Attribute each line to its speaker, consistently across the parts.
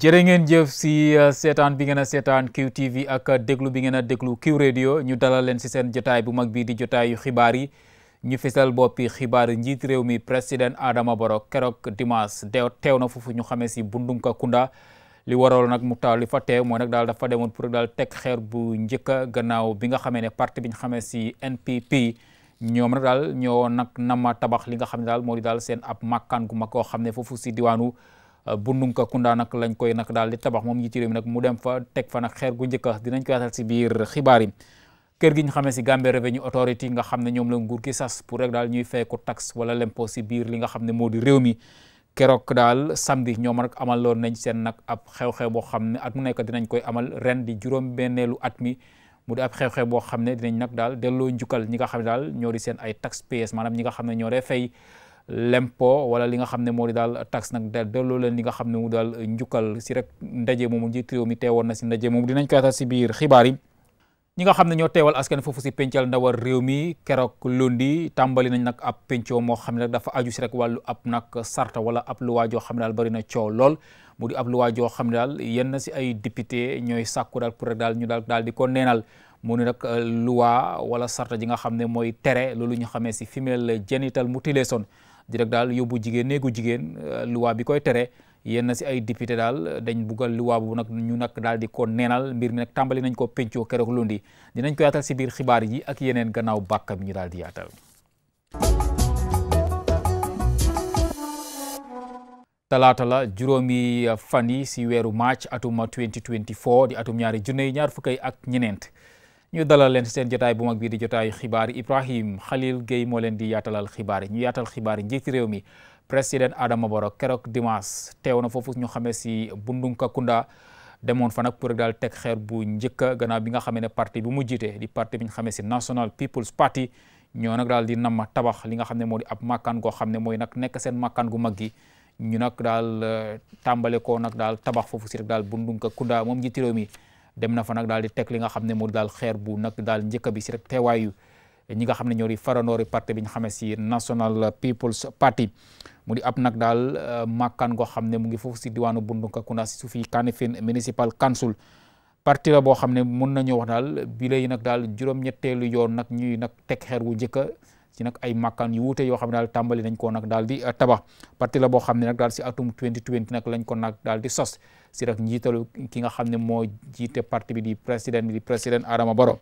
Speaker 1: jëre ngeen jëf si euh, seetaan bi ngeen a seetaan QTV ak euh, déglu bi ngeen a déglu Q ñu dalal leen si seen jotaay bu mag bii di jotaayu xibaar yi ñu fisal boppi xibaar njiit réew mi président Adama Barrow keroog dimanche de teew na foofu ñu xamee si Bundunkakunda li warool nag mu taal li fa teew mooy nag daal dafa demoon pour daal teg xeer bu njëkka gannaaw bi nga xamee ne parti bi ñu xamee si NPP ñoom nag daal ñoo nag nama tabax li nga xam ne daal moo di daal seen ab màkkaan mag koo xam ne foofu si diwaanu Euh, Bundunka Kunda nag lañ koy nak daal di tabax moom njiitu réew nag mu dem fa teg fa nag xeer gu njëkk dinañ ko yaatal si biir xibaar yi kër gi ñu xamee si Gambia Revenue Authority nga xam ne ñoom la nguur gi sas pour rek daal ñuy fay ko taxe wala l'impôt si biir li nga xam ne moo di réew mi keroog daal samedi ñoom amal amaloon nañ seen nag ab xew-xew boo xam ne at mu nekk dinañ koy amal ren di juróom-benneelu at mi mu di ab xew-xew boo xam ne dinañ nag daal delloo njukkal ñi nga xam ne daal ñoo di seen ay taxpayers maanaam ñi nga xam ne ñoo dee fay lempo wala li nga xam ne moo di daal taxe nag daal delloo leen li nga xam ne mu daal njukkal si rek ndaje moomu njiit réew mi teewoon na si ndaje moom dinañ ko yaatal si biir xibaar yi ñi nga xam ne ñoo teewal askan foofu si pencal ndawar réew mi keroog lundi tàmbali nañ nag ab pencoo moo xam ne rek dafa aju si rek wàllu ab nag sarta wala ab luwaa joo xam ne daal bëri na coow lool mu di joo xam ne daal yenn si ay député ñooy sàkku daal pour rek daal ñu daal daal di ko neenal mu ni nag euh, luwaa wala sarta ji nga xam ne mooy tere loolu ñu xamee si female genital mutilation di rek daal yóbbu jigéen néegu jigéen euh, luwaa bi koy tere yenn si ay député daal dañ buggal luwaa bu nag ñu nak daal di ko neenal mbir mi nag tàmbali nañ ko pencoo keroog lundi dinañ ko yaatal si biir xibaar yi ak yeneen gannaaw bàkka bi ñu daal di yaatal talaata la juróomi fan yi si weeru mars atum 2024 di atum ñaari junne yi ñaar fukk ak ñeneent ñu dalal leen seen jotaay bu mag bii di jotaay xibaar Ibrahim Khalil Gueye moo leen di yaatalal xibaar yi ñu yaatal xibaar yi njiiti réew mi président Adama Barrow keroog dimanche teew na foofu ñu xamee si Bundunkakunda demoon fa nag pour daal teg xeer bu njëkk gannaaw bi nga xamee ne parti bu mu jiite di parti bi ñu xamee si National People's Party ñoo nag daal di namm tabax li nga xam ne moo di ab makkaan goo xam ne mooy nag nekk seen makkaan gu mag gi ñu nag daal tàmbale ko nag daal tabax foofu si rek daal Bundunkakunda moom njiiti réew dem na fa nag daal di teg li nga xam ne moo daal xeer bu nag daal njëkk bi si rek teewaayu ñi nga xam ne ñoo di farandoori parti bi ñu xamee si National People's Party mu di ab nag daal euh, màkkaan goo xam ne mu ngi foofu si diwaanu Bundunkakunda si suufi Kanifing Municipal Council parti la boo xam ne mun nañu wax daal bi lay nag daal juróom-ñetteelu yoon nag ñuy nag teg xeer bu njëkka ci ay makkaan yu wuute yoo xam ne daal tàmbali nañ ko nag daal di eh, tabax parti la boo xam ne nag daal si atum 2020 nag lañ ko nag daal di sos si nag njiitalu ki nga xam ne moo jiite parti bi di président bi di président Adama Barrow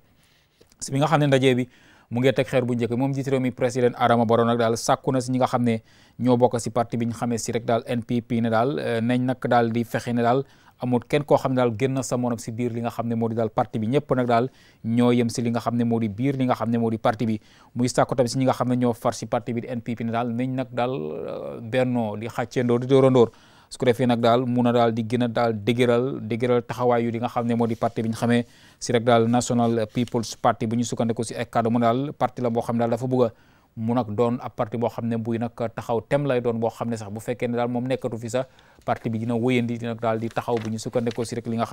Speaker 1: si bi nga xam ne ndaje bi mu ngee teg xeer bu njëkk moom jiite réew mi président Adama Barrow nag daal sàkku na si ñi nga xam ne ñoo bokk si parti bi ñu xamee si rek daal NPP ne daal eh, nañ nag daal di fexe ne daal amul kenn koo xam ne daal génn sa morom si biir li nga xam ne moo di daal parti bi ñëpp nag daal ñoo yem si li nga xam ne moo di biir li nga xam ne moo di parti bi muy sàkku tamit nga xam ne ñoo far si parti bi di daal nag daal euh, bennoo di xàcceendoo di dóorandoor su ko defee nag daal mun a daal di gën a daal dëgëral dëgëral taxawaay yu li nga xam ne moo di parti bi ñu xamee si rek daal National People's Party bu ñu sukkandiku si ay kàddu mu daal parti la boo xam ne daal dafa bugga mu nag doon ab parti boo xam ne buy nag taxaw tem lay doon boo xam ne sax bu fekkee ne daal moom nekkatu fi sax parti bi dina wéyandi dina daal di taxaw bu ñu sukkandekoo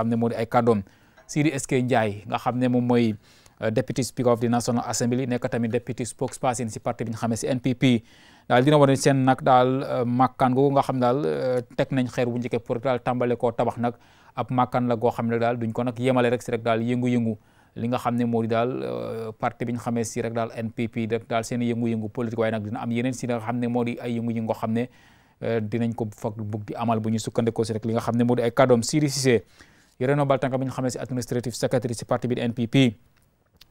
Speaker 1: ne moo di ay kàddoom Sidi Eskay Ndiaye nga xam ne moom mooy euh, deputy speaker of the National Assembly nekk tamit deputy spokesperson si parti bi ñu xamee si NPP daal dina wane seen nag daal euh, màkkaan googu nga xam daal euh, teg nañ xeer bu njëkkee pour daal tàmbale ko tabax nag ab màkkaan la goo xam ne daal duñ ko nag yemale rek si rek daal yëngu-yëngu li nga xam ne moo di daal euh, parti bi ñu xamee si rek daal NPP daal seen yëngu-yëngu politique waaye nag dina am yeneen si nga xam ne moo di ay yëngu-yëngu xam ne euh, dinañ ko fag bugg di amal bu ñu sukkandikoo si rek li nga xam ne moo di ay kàddoom Siri Cissé Yoreno Baltanka bi ñu xamee si administrative secretary si parti bi di NPP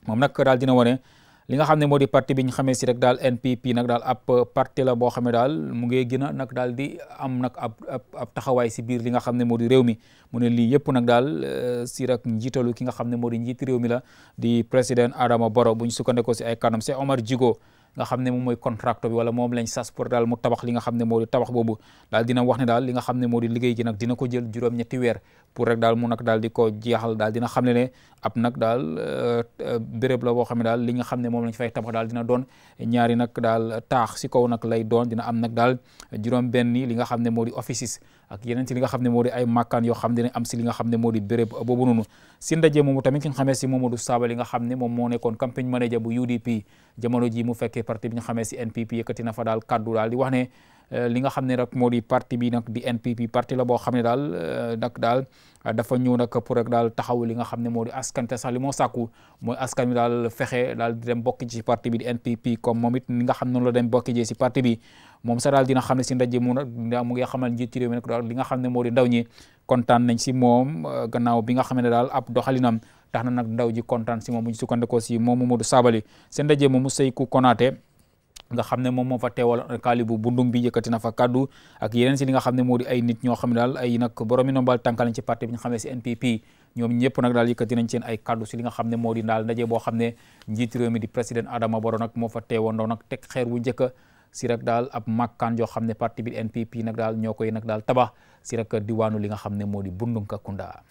Speaker 1: moom nag daal dina wane li nga xam ne moo di parti bi ñu xamee si rek daal NPP nag daal ab parti la boo xam ne daal mu nge gina a nag daal di am nag ab taxawaay si biir li nga xam ne moo di réew mi mu ne lii yëpp nag daal euh, si rek njiitalu ki nga xam ne moo di njiit réew mi la di président Adama Barrow bu ñu sukkandekoo si ay kanam c'est Omar Jigo nga xam ne moom mooy contracto bi wala moom lañ sas pour daal mu tabax li nga xam ne moo di tabax boobu daal dina wax ne daal li nga xam ne moo di liggéey ji nag dina ko jël juróom-ñetti weer pour rek daal mu nag daal di ko jeexal daal dina xam ne ne ab nag daal euh, béréb la boo xam ne daal li nga xam ne moom lañ fay tabax daal dina doon ñaari nag daal taax si kaw nag lay doon dina am nag daal juróom benni li nga xam ne moo di offices ak yeneen ci li nga xam ne moo di ay màkkaan yoo xam ne am si xam ne moo di béréb boobu noonu si ndaje moomu tamit ki nga xamee si Mamadou li nga xam ne moom moo nekkoon campagne manager bu UDP jamono ji mu fekkee parti bi nga xamee si NPP yëkkati na fa daal kaddu daal di ne Euh, li nga xam ne rek moo di parti bi nag di NPP parti la boo xam ne daal euh, nag daal dafa ñëw nag pour rek daal taxaw li nga xam ne moo di askan te sax li moo askan bi daal fexe daal di dem bokk ci parti bi di NPP comme moom it li nga xam noonu la dem bokk si parti bi moom sax daal dina xam ne si ndaje mu mu ngi xamal njiitu réew mi nag daal li nga xam ne moo di ndaw ñi kontaan nañ si moom euh, gannaaw bi nga xam ne daal ab doxalinam tax na nag ndaw ji kontaan si moom bu ñu sukkandikoo si moom Mamadou Sabali seen ndaje moomu Séykou Konaté nga xam ne moom moo fa teewal kaalibu bundung bi yëkkati na fa kaddu ak yeneen si li xam ne moo di ay nit ñoo xam ne daal ay nag boromi nombal tànkal ci parti bi ñu xamee si NPP ñoom ñëpp nag daal xam ne moo di daal ndaje boo xam ne njiitu réew mi di président Adama Barrow nag moo fa teewoon nag teg xeer wu njëkk si rek daal ab màkkaan yoo xam ne parti bi NPP nag daal ñoo koy nag daal tabax si rek diwaanu li nga xam ne moo di Bundung Kakunda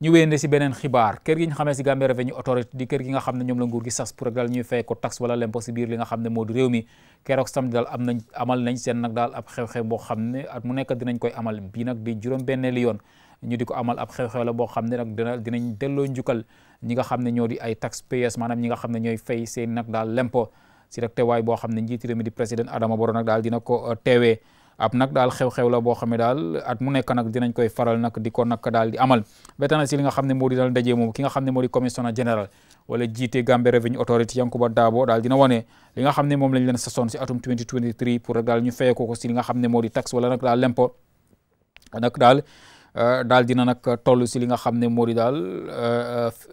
Speaker 1: ñu wéyande si beneen xibaar kër gi ñu xamee si Gambia Revenue Authority di kër gi nga xam ne ñoom la nguur gi sas pour rek daal ñuy fay ko taxe wala l'impôt si biir ne moo di réew am nañ amal nañ seen nag daal ab xew-xew xam ne at mu nekk dinañ koy amal bii nag di juróom-benneeli yoon ñu di ko amal ab xew la boo xam ne nag dina dinañ delloo njukkal ñi nga xam ne ñoo di ay taxpayers maanaam ñi nga xam ne ñooy fay seen nag daal l'impôt si rek teewaay boo xam ne njiiti réew mi di président Adama Barrow nag daal dina ko euh, teewee ab nag daal xew-xew la boo xam ne daal at mu nekk nag dinañ koy faral nag di ko nag daal di amal bétana si li nga xam ne moo di daal ndaje moom ki nga xam ne moo di commissioner général wala jiite Gambia Revenue Authority Yankuba Dabo daal dina wane li nga xam ne moom lañ leen sasoon si atum 2023 pour rek daal ñu fayee ko li nga xam ne moo di taxe wala nag daal lempo nag daal euh, daal dina nag toll si li nga xam ne moo di daal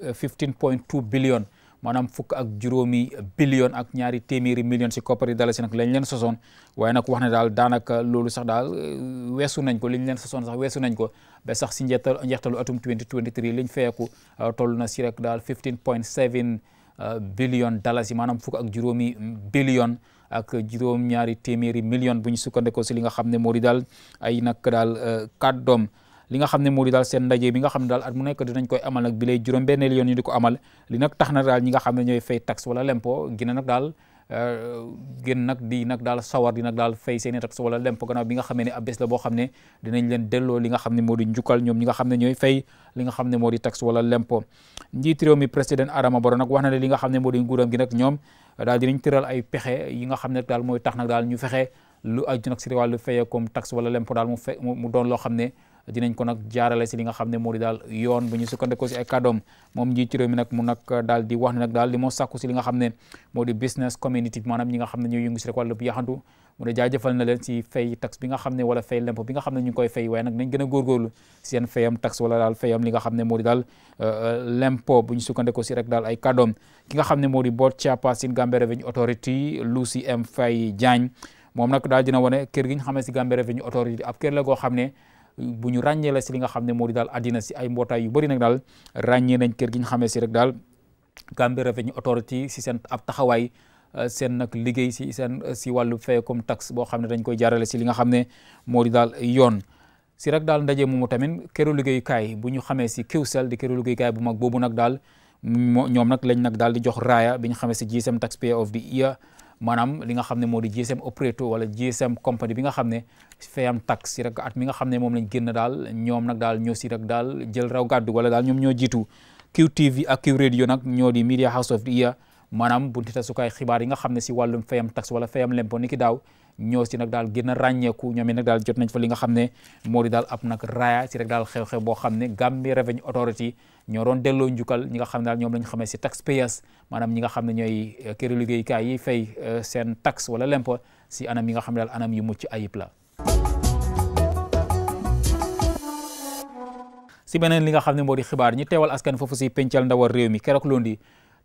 Speaker 1: 15 euh, euh, point 2 billion maanaam fukk ak juróomi billion ak ñaari téeméeri million si koppari dalasi nag lañ leen sosoon waaye nag wax ne daal daanaka loolu sax daal euh, weesu nañ ko liñ leen sosoon sax weesu nañ ko ba sax si njeextal njeextalu atum 2023 liñ feyeku euh, toll na si rek daal 15.7 euh, billion dalasi maanaam fukk ak juróomi billion ak juróom ñaari téeméeri million bu ñu sukkandikoo si li nga xam ne moo di daal ay nag daal kàddoom li nga xam ne moo di daal seen ndaje bi nga xam ne daal at mu nekk dinañ koy amal nag bi lay juróom ko amal li nag tax na daal ñi nga xam ne ñooy fay taxe wala lempo gina nag daal gën nag di nag daal sawar di nag daal fay seeni tax wala lempo gannaaw bi nga xamee ne ab bés la boo xam ne dinañ leen delloo li nga xam ne moo di ñoom ñi nga xam ne ñooy fay li nga xam ne moo di tax wala lempo njiit réew mi président Adama Barrow nag wax na ne li nga xam ne moo di nguuram gi nag ñoom daal dinañ tëral ay pexe yi nga xam ne daal mooy tax nag daal ñu fexe lu aju nag si wàllu tax wala lempo daal mu fe mu doon loo xam ne dinañ ko nag jaarale si li nga xam ne moo di daal yoon bu ñu sukkandikoo si ay kàddoom moom njiitu réew mi nag mu nag daal di wax ne daal li moo sàkku si li nga xam ne moo di business community maanaam ñi xam ne ñooy yëngu si rek wàllu yaxantu mu ne jaajëfal na xam ne wala fay lemp bi nga xam ne ñu ngi koy fay waaye nag nañ gën a góorgóorlu seen fayam tax wala daal fayam li nga xam ne moo di daal euh, euh, lempo bu ñu si rek daal ay kàddoom ki nga xam ne moo di board chairperson Gambia Revenue Authority Lucy M Faye Jagne moom nag daal dina wane kër gi ñu xamee si Gambia Revenue Authority ab kër la goo xam ne bu ñu ràññee la si li nga xam ne moo di daal àddina si ay mbootaay yu bëri nag daal ràññee nañ kër gi ñu xamee si rek daal Gambia Revenue Authority si seen ab taxawaay euh, seen nag liggéey si seen euh, si wàllu fay comme taxe boo xam ne dañ koy jaarale si li nga xam ne moo di daal yoon si rek daal ndaje moomu tamit këru liggéeyukaay bu ñu xamee si QCell di këru liggéeyukaay bu mag boobu nag daal ñoom nag lañ nag daal di jox raaya bi ñu xamee si GSM tax of the Year maanaam li nga xam ne moo di GSM operator wala GSM company bi nga xam ne fayam tax si rek at mi nga xam ne moom lañ génn daal ñoom nag daal ñoo si rek daal jël raw gàddu wala daal ñoom ñoo jitu QTV ak Q radio nag ñoo di media house of the year maanaam bunti tasukaay xibaar yi nga xam ne si wàllum fayam tax wala fayam lempo ni ki daaw ñoo si nag daal gën a ràññeeku ñoom it nag daal jot nañ fa li nga xam ne moo di daal ab nag raaya si rek daal xew-xew boo xam ne Gambia Revenue Authority ñoo doon delloo njukkal ñi nga xam ne daal ñoom lañ xamee si taxpayers maanaam ñi nga xam ne ñooy eh, këri liggéeykaay yi fay eh, seen tax wala lempo si anam yi nga xam ne daal anam yu mucc ayib la si beneen li nga xam ne moo di xibaar ñi teewal askan foofu si pencal ndawal réew mi keroog londi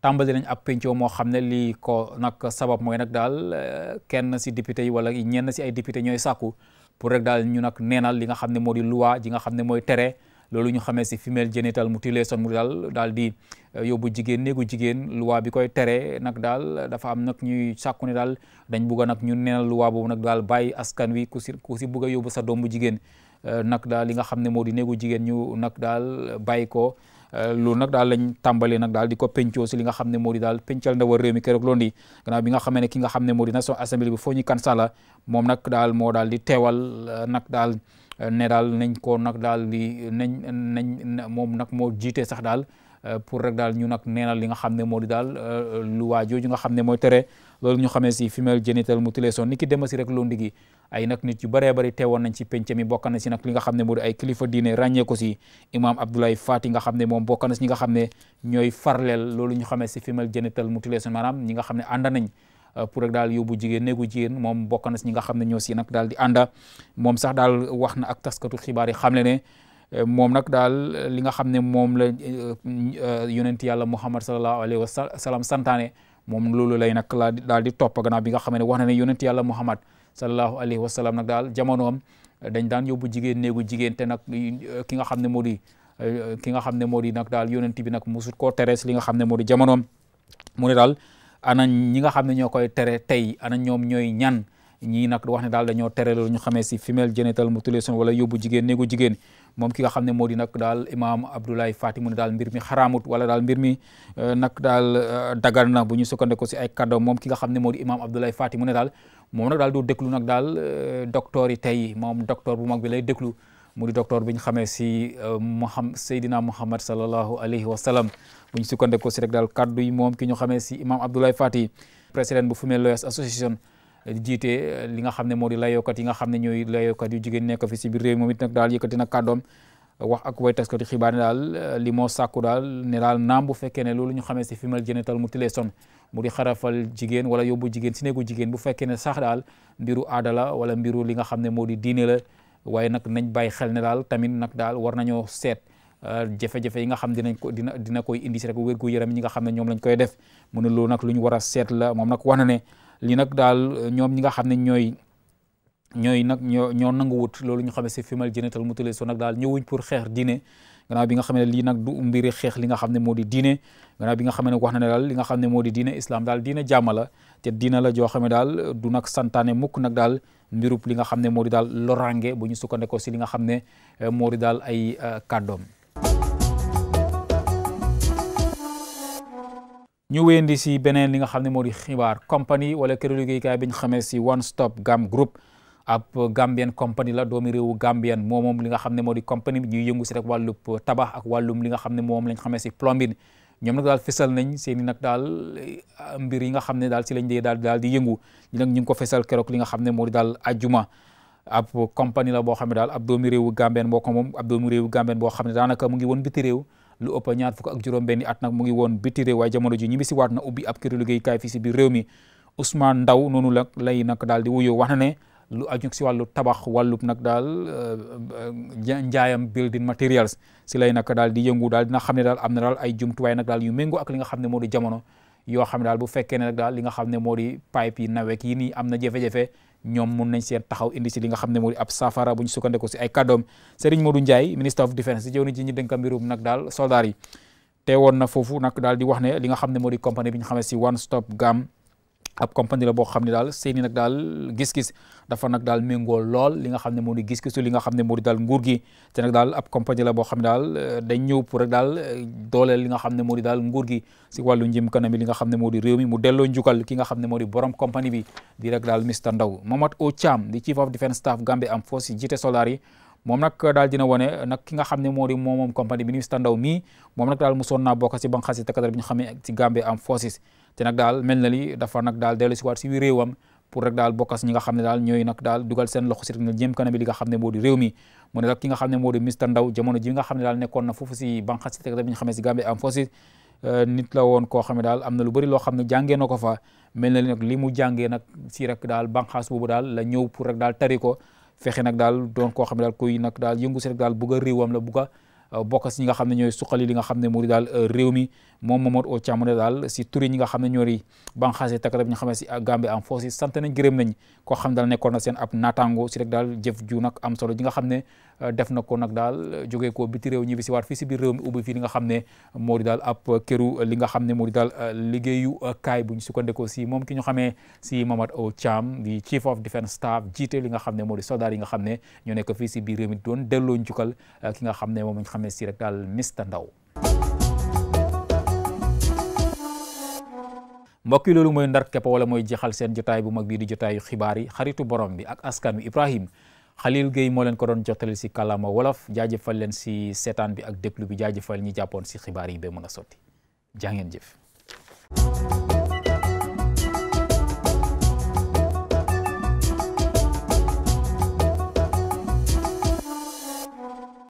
Speaker 1: tàmbali nañ ab penco moo xam ne lii ko nag sabab mooy nag daal eh, kenn si député yi wala ñenn si ay député ñooy sàkku pour rek daal ñu nag neenal li nga xam ne moo di loi ji nga xam ne mooy tere loolu ñu xamee si female genital mutilation mu daal daal di eh, yóbbu jigéen néegu jigéen loi bi koy tere nag daal dafa am nag ñuy sàkku ne daal dañ bugg a nag ñu neenal loi boobu nag daal bàyyi askan wi ku si ku si bugg a sa doom jigéen eh, nag daal li nga xam ne moo di néegu jigéen ñu nag daal bàyyi ko Euh, loolu nag daal lañ tàmbalee nag daal di ko pencoo si li nga xam ne moo di daal pencal ndaw réew mi keroog loolu di gannaaw bi nga xamee ne ki nga xam ne moo di National Assembly bi kan Kansala moom nag daal moo daal di teewal euh, nag daal euh, ne daal nañ ko nag daal di nañ nañ moom nag moo jiite sax daal Euh, pour rek daal ñu nag neenal li nga xam ne moo di daal euh, lu waa jooju nga xam ne mooy tere loolu ñu xamee si female genital mutilation ni ki dem si rek loo gi ay nag nit yu bëree bari teewoon nañ ci penc mi bokk na si nag li nga xam ne moo di ay kilifa diine ràññee ko si imam Abdoulaye nga xam ne moom bokk na si ñi nga xam ne ñooy farleel loolu ñu xamee si female genital mutilation maanaam ñi nga xam ne ànd nañ euh, pour rek daal yóbbu jigéen néegu jigéen moom bokk na si ñi nga xam ne ñoo si nag daal di ànda moom sax daal wax na ak taskatu xibaar yi xam le ne Euh, moom nag daal euh, li nga xam ne moom la euh, yonent yàlla Muhammad sallallahu alayhi wa sallam santaane moom loolu lay nag laa daal di topp gannaaw bi nga xam ne wax na ne yonent yàlla Muhammad sallallahu alayhi wa sallam nag daal jamonoom dañ daan yóbbu jigéen néegu jigéen te nag ki nga xam ne moo di ki nga xam ne moo di nag daal yonent bi nag musut koo terees li nga xam ne moo di jamonoom mu ne daal ana ñi nga xam ne ñoo koy tere tey ana ñoom ñooy ñan ñii nag wax ne daal dañoo tere loolu ñu xamee si femelle genital mutilation wala yóbbu jigéen néegu jigéen moom ki nga xam ne moo di daal imaam Abdoulaye Fati mu ne daal mbir mi xaraamut wala daal mbir mi euh, nag daal euh, dagan na bu ñu sukkandiku si ay kàddoom moom ki nga xam ne moo di imaam Abdoulaye Fati mu ne daal moom nag daal du déglu nag daal euh, docteur yi tey moom docteur bu mag bi lay déglu mu di docteur bi ñu xamee si Muhammad Seydina Muhammad sallallahu alayhi wa sallam bu ñu sukkandiku si rek daal kàddu yi moom ki ñu xamee si imaam Abdoulaye Fati président bu Female Lawyers Association jiite li nga xam ne moo di layookat yi nga xam ne ñooy layookat yu jigéen nekk fi si biir réew moom it nag daal yëkkati na kàddoom wax ak way taskati xibaar ne daal li moo sàkku daal ne daal naam bu fekkee ne lu ñu xamee si female genital mutilation mu di xarafal jigéen wala yóbbu jigéen si néegu jigéen bu fekkee ne sax daal mbiru aada wala mbiru li nga xam ne moo di diine la waaye nag nañ bàyyi xel ne daal tamit nag daal war nañoo seet euh, jafe-jafe yi nga xam dinañ ko dina dina koy indi si rek wérgu yaram ñi nga xam ne ñoom lañ koy def mu ne nag lu ñu war a seet la moom nag wax na li nag daal ñoom ñi nga xam ne ñooy ñooy nag ñoo ñoo nanguwut loolu ñu xam ne si female genital mutilation nag daal ñëwuñ pour xeex diine gannaaw bi nga xam ne lii nag du mbiri xeex li nga xam ne moo di diine gannaaw bi nga xam ne wax na ne daal li nga xam ne moo di diine islam daal diine jàmm la te diina la joo xam ne daal du nag santaane mukk nag daal mbirub li nga xam ne moo di daal lorange bu ñu sukkandekoo si li nga xam ne eh, moo di daal ay eh, kàddoom ñu wéyandi si beneen li nga xam ne moo di xibaar compagnie wala këru liggéeykaay bi ñu xamee si One Stop Gam Group ab Gambian compagnie la doomi rewu Gambian moo moom li nga xam ne moo di compagnie bi yëngu si rek wàllub tabax ak wàllum li nga xam ne moom lañ xamee si plombine ñoom nag daal fesal nañ seen i nag daal eh, mbir yi nga xam ne daal si lañ dee daal daal di yëngu ñu ñu ngi ko fesal keroog li nga xam ne moo di daal ajuma ab compagnie la boo xam ne daal ab doomi réewu Gambian boo ko moom ab doomi boo xam ne daanaka mu ngi woon biti réew lu ëpp ñaar fukk ak juróom-benni at nag mu ngi woon biti waaye jamono ji ñibbi si waat na ubbi ab këru liggéeykaay fii si biir réew mi Ousmane Ndaw noonu la lay nag daal di wuyoo wax ne lu aju si wàllu tabax wàllub nag daal euh, njaayam building materials si lay nak daal di yëngu daal dina xam ne daal am na daal ay jumtuwaay nag daal yu méngoo ak li nga xam ne moo di jamono yoo xam ne daal bu fekkee ne daal li nga xam ne moo di pipe yi naweek yi nii am na jafe ñoom mun nañ seen taxaw indi si li nga xam ne moo di ab safara bu ñu sukkandiku si ay kàddoom Serigne Modou Ndiaye ministre of defence si jëwni ci ñi dénk mbirum nag daal soldaar yi teewoon na foofu nag daal di wax ne li nga xam ne moo di compagnie bi ñu xamee si one stop gam ab compagnie la boo xam ne daal seeni nag daal gis-gis dafa nag daal méngoo lool li nga xam ne moo di gis-gisu li nga xam ne moo di daal nguur gi te nag daal ab compagnie xam ne daal euh, dañ ñëw pour daal euh, dooleel li nga xam ne moo di daal nguur gi si wàllu njëm kanam li nga xam ne moo di réew mi mu delloo njukkal ki nga xam ne moo di borom compagnie bi di rek daal Mr Ndaw Mamadou O Thiam di chief of defence staff Gambia am force jiite soldaar moom nag daal dina wone nag ki nga xam ne moo di moom moom compagnie bi ministre Ndaw mii moom nag daal mosoon naa bokk si na li dafa nag daal dellu si waat si wi réewam pour nga xam ne daal ñooy nag daal dugal seen loxo si na jëm kanam li nga xam ne moo di réew mi mu ne nag ki nga xam ne moo di ministre si banqaas yi takkatar bi si Gambia Armed Forces euh, nit la woon koo xam ne daal am na lu bari loo xam ne jàngee na ko fa mel na li li mu jàngee nag si rek daal banqaas boobu daal la ñëw pour rek daal tari ko fexe nag daal doon koo xam ne daal kuy nag daal yëngu si rek daal bugg a réewam la bugg a euh, bokk si nga xam ne ñooy suqali li nga xam ne moo di daal euh, réew mi moom Momar O Thiam ne daal si tur ñi nga xam ne ñoo di banxaase takk ñi nga xam ne si Gambie en force si sant nañ gërëm nañ koo xam daal nekkoon na seen ab naataango si daal jëf nag am ne euh, def na ko nag daal jógee ko biti réew ñibbi si waat fii si biir réew mi ubbi fii li nga xam ne moo di daal ab këru li nga xam ne moo di daal euh, liggéeyu kaay bu ñu sukkandikoo si moom ki ñu xamee si Momar O Thiam di chief of defence staff jiite li nga xam ne moo di soldat yi nga xam ne ñoo nekk fii si biir réew mi doon delloo njukkal euh, ki nga xam ne moom lañ xamee si rek daal Mr Ndaw mbokk yi loolu mooy ndar kepp wala mooy jeexal seen jotaay bu mag bii di jotaayu xibaar yi xaritu borom bi ak askan wi Ibrahim Khalil Gueye moo leen ko doon jottali si kàllaama wolof jaajëfal leen si seetaan bi ak déglu bi jaajëfal ñi jàppoon si xibaar yi ba mën a sotti jaa